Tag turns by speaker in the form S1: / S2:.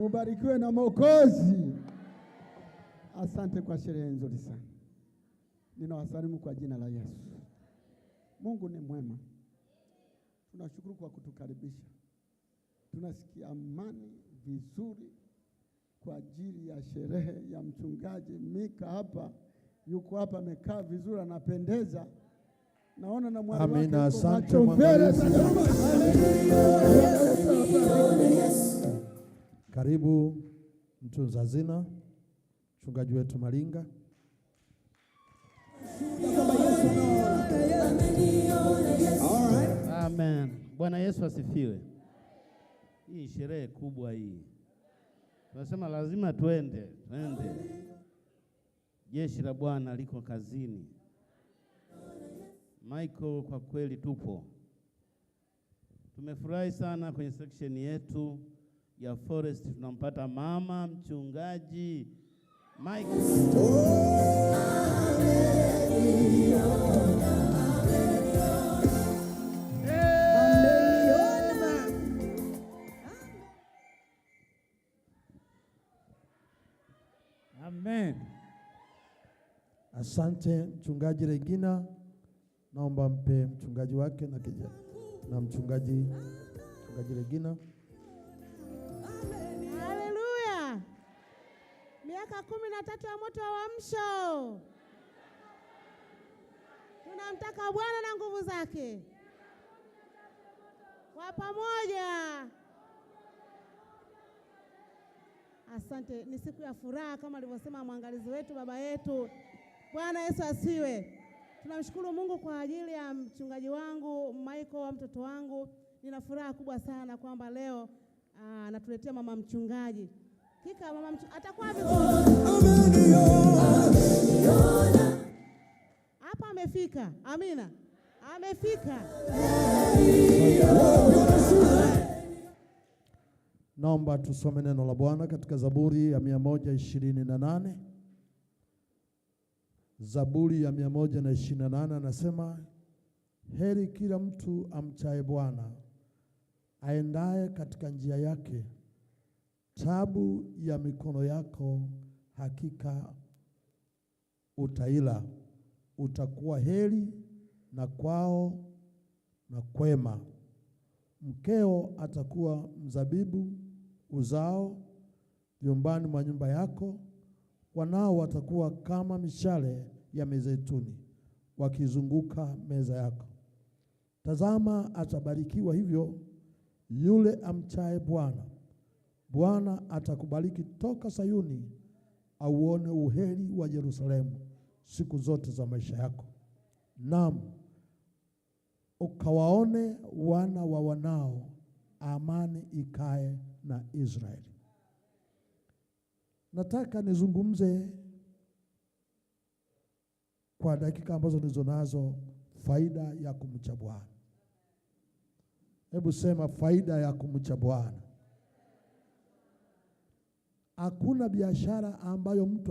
S1: Mubarikiwe na Mwokozi. Asante kwa sherehe nzuri sana. Ninawasalimu kwa jina la Yesu. Mungu ni mwema, tunashukuru kwa kutukaribisha. Tunasikia amani vizuri kwa ajili ya sherehe ya mchungaji Mika. Hapa yuko hapa, amekaa vizuri, anapendeza. Naona na mwalimu wake. Amina, asante
S2: Karibu mtunza zina, mchungaji wetu Malinga.
S3: Amen. Bwana Yesu asifiwe. Hii sherehe kubwa hii, tunasema lazima twende twende. Jeshi la Bwana liko kazini. Michael, kwa kweli tupo tumefurahi sana kwenye section yetu ya forest tunampata mama mchungaji Mike. Amen.
S2: Asante mchungaji Regina, naomba mpe mchungaji wake na kijana na mchungaji mchungaji Regina
S4: miaka kumi na tatu ya moto wa uamsho. Tunamtaka Bwana na nguvu zake kwa pamoja. Asante. Ni siku ya furaha kama alivyosema mwangalizi wetu baba yetu. Bwana Yesu asiwe. Tunamshukuru Mungu kwa ajili ya mchungaji wangu Michael wa mtoto wangu. Nina furaha kubwa sana kwamba leo ah, anatuletea mama mchungaji. Hakika mama atakuwa hapa, amefika. Amina, amefika.
S2: Naomba tusome neno la Bwana katika Zaburi ya mia moja ishirini na nane. Zaburi ya mia moja na ishirini na nane anasema heri kila mtu amchaye Bwana aendaye katika njia yake taabu ya mikono yako hakika utaila, utakuwa heri na kwao na kwema. Mkeo atakuwa mzabibu uzao nyumbani mwa nyumba yako, wanao watakuwa kama mishale ya mizeituni wakizunguka meza yako. Tazama, atabarikiwa hivyo yule amchaye Bwana Bwana atakubariki toka Sayuni, auone uheri wa Yerusalemu siku zote za maisha yako. Naam, ukawaone wana wa wanao, amani ikae na Israeli. Nataka nizungumze kwa dakika ambazo nilizonazo faida ya kumcha Bwana. Hebu sema faida ya kumcha Bwana. Hakuna biashara ambayo mtu